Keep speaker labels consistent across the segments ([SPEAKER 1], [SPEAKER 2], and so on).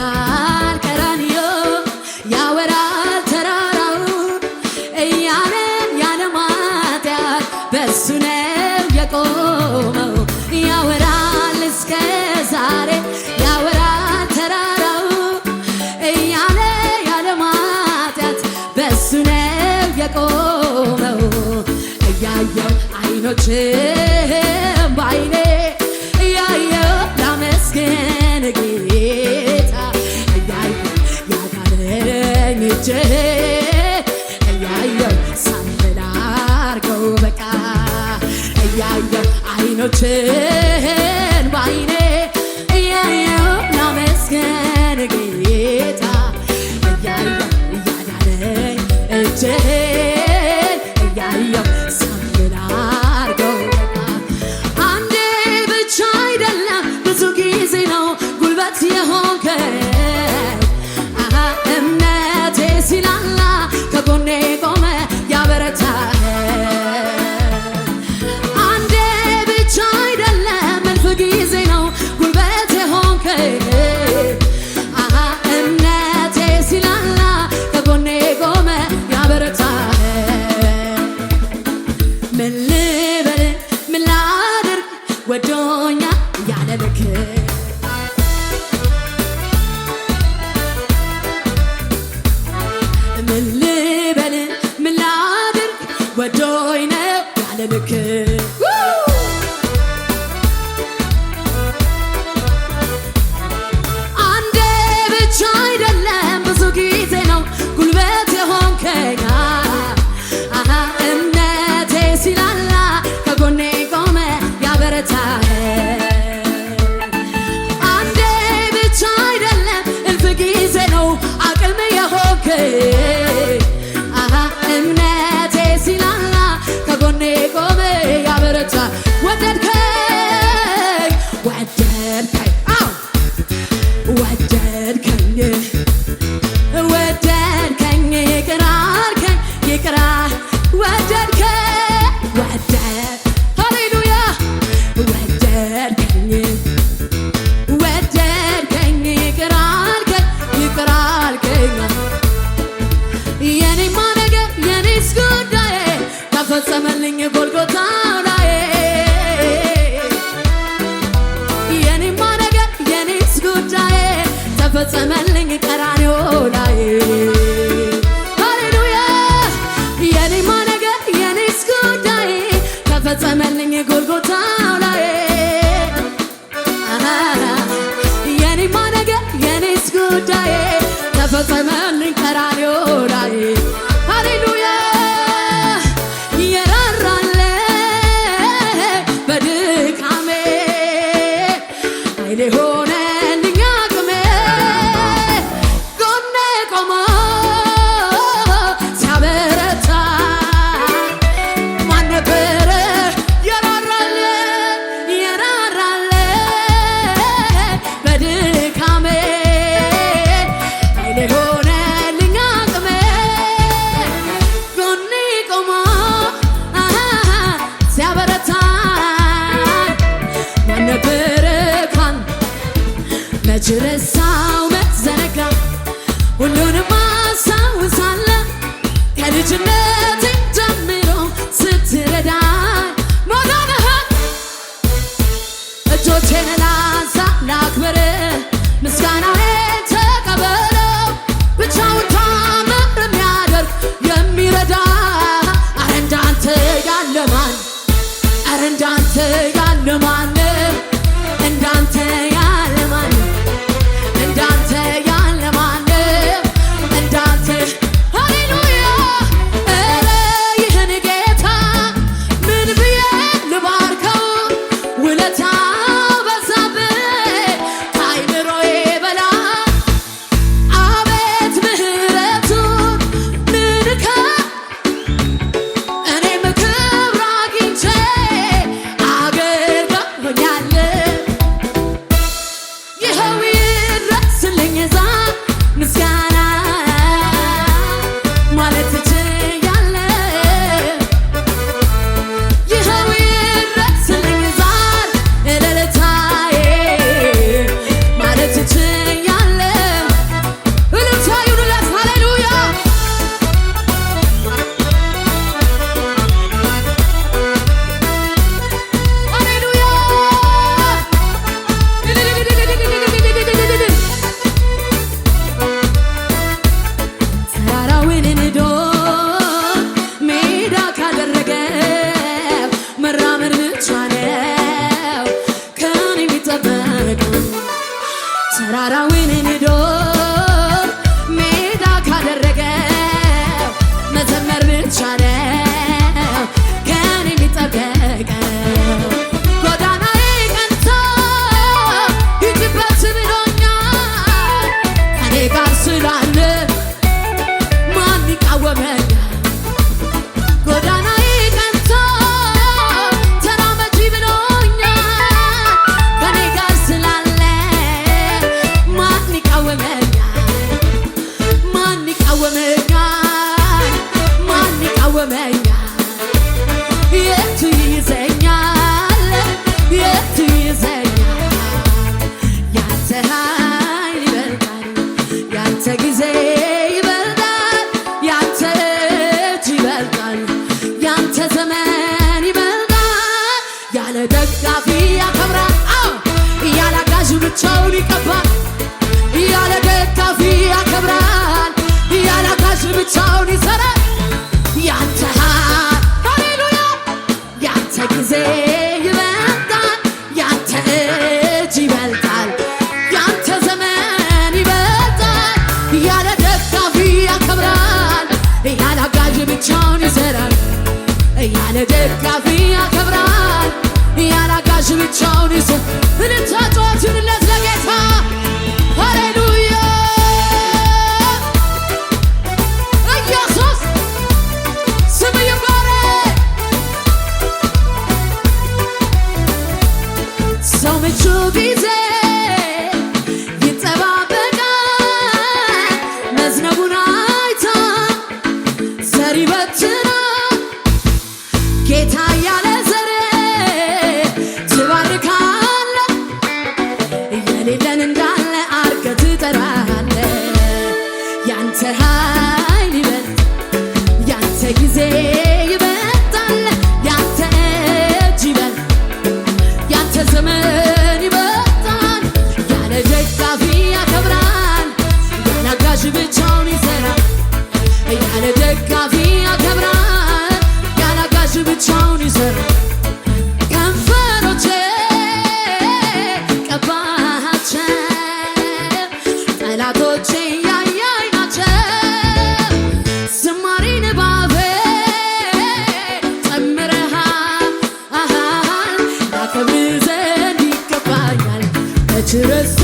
[SPEAKER 1] ያወራል ቀራንዮ ያወራል ተራራው እያለም ያለ ማጥያት ነው የቆመው። ያወራል እስከ ዛሬ ያወራል ተራራው ያለ ማጥያት በእሱ ነው የቆመው እያየው አይኖች ቀኝ እጄ እያየው ሳምብል አርገው በቃ እያየው አይኖች ያለ ልክ that crazy. ጉዳዬ ተፈጸመልኝ ቀራንዮ ላይ ሃሌሉያ የኔማ ነገር የኔስ ጉዳይ ተፈጸመልኝ ጎልጎታው ላይ የኔማ ነገር የኔስ ጉዳይ ተፈጸመልኝ ቀራንዮ ra to us.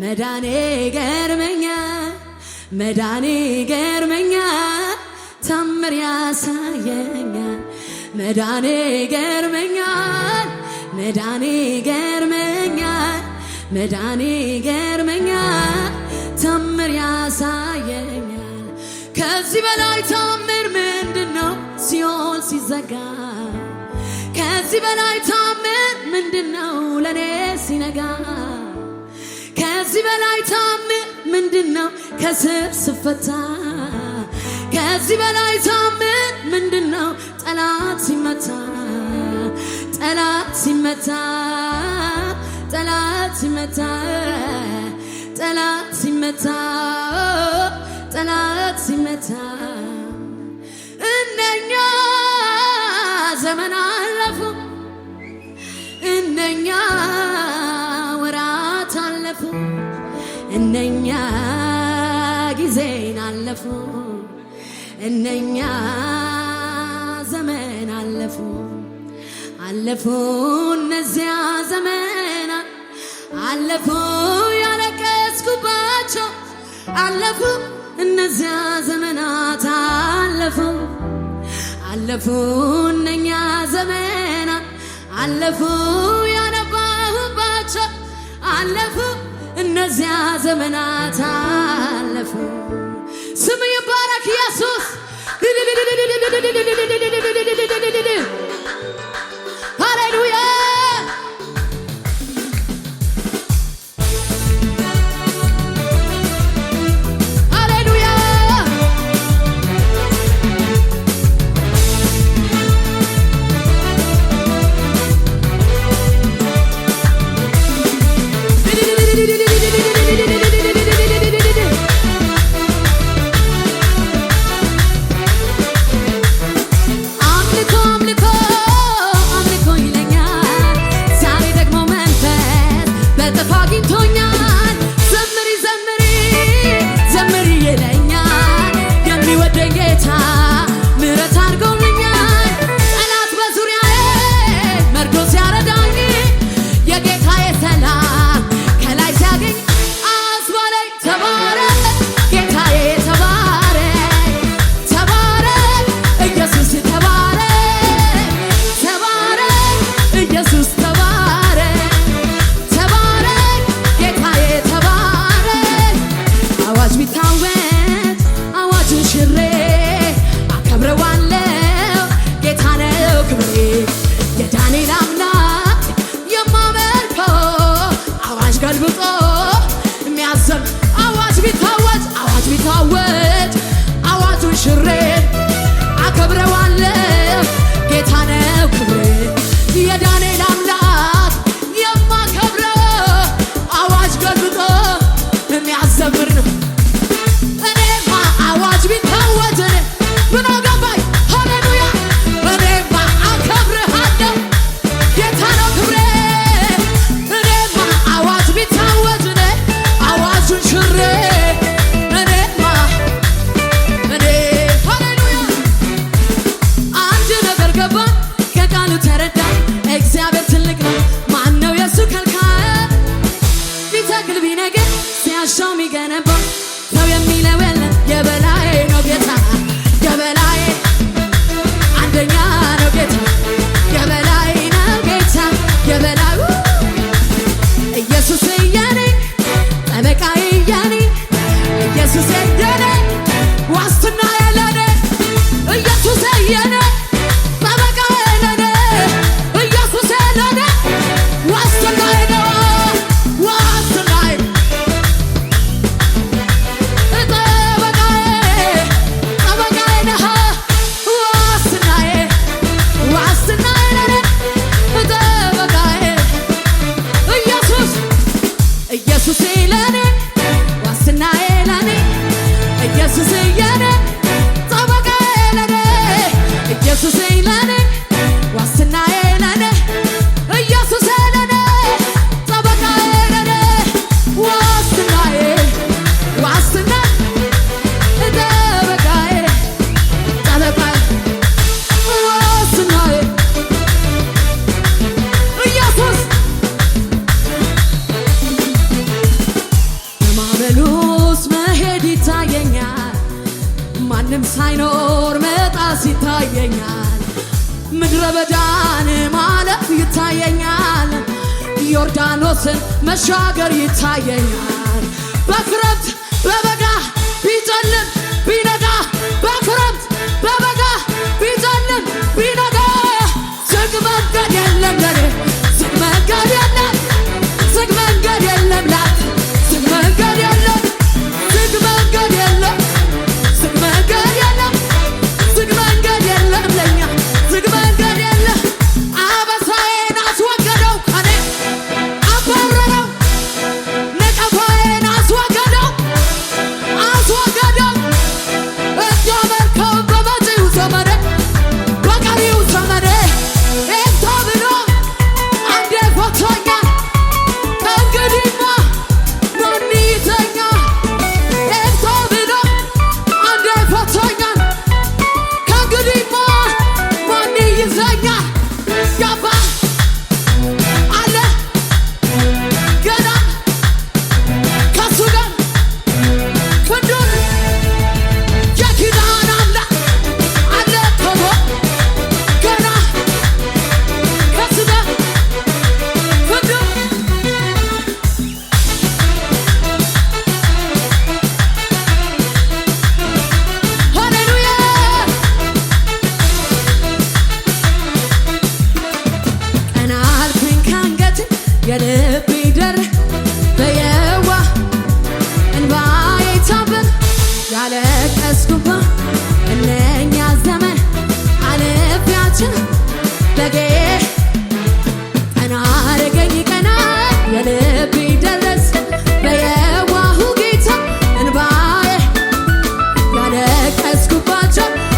[SPEAKER 1] መዳኔ ገርመኛ መዳኔ ገርመኛ ታምር ያሳየኛ መዳኔ ገርመኛ መዳኔ ገርመኛ መዳኔ ገርመኛ ታምር ያሳየኛ ከዚህ በላይ ታምር ምንድን ነው ሲኦል ሲዘጋ ከዚህ በላይ ታምር ምንድን ነው ለእኔ ሲነጋ ከዚህ በላይ ታም ነው ከስር ስፈታ ከዚህ በላይ ታም ምንድነው ጠላት ሲመታ ጠላት ሲመታ ጠላት ሲመታ ጠላት ሲመታ ጠላት ሲመታ እነኛ ዘመን አለፉ እነኛ እነኛ ጊዜን አለፉ፣ እነኛ ዘመን አለፉ አለፉ እነዚያ ዘመና አለፉ ያለቀስኩባቸው አለፉ እነዚያ ዘመናት አለፉ አለፉ እነኛ ዘመና አለፉ ያነባሁባቸው አለፉ እነዚያ ዘመናት አለፉ። ስም ይባረክ ኢየሱስ ዮርዳኖስን መሻገር ይታየኛል። በክረምት በበጋ ቢጨልም ቢነጋ በክረምት በበጋ ቢጨልም ቢነጋ ዝግ መንገድ የለም። Scoop a drop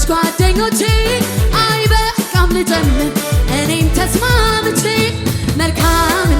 [SPEAKER 1] ወዳጅ ጓደኞቼ አይበቃም ልጀምር እኔም ተስማምቼ መልካም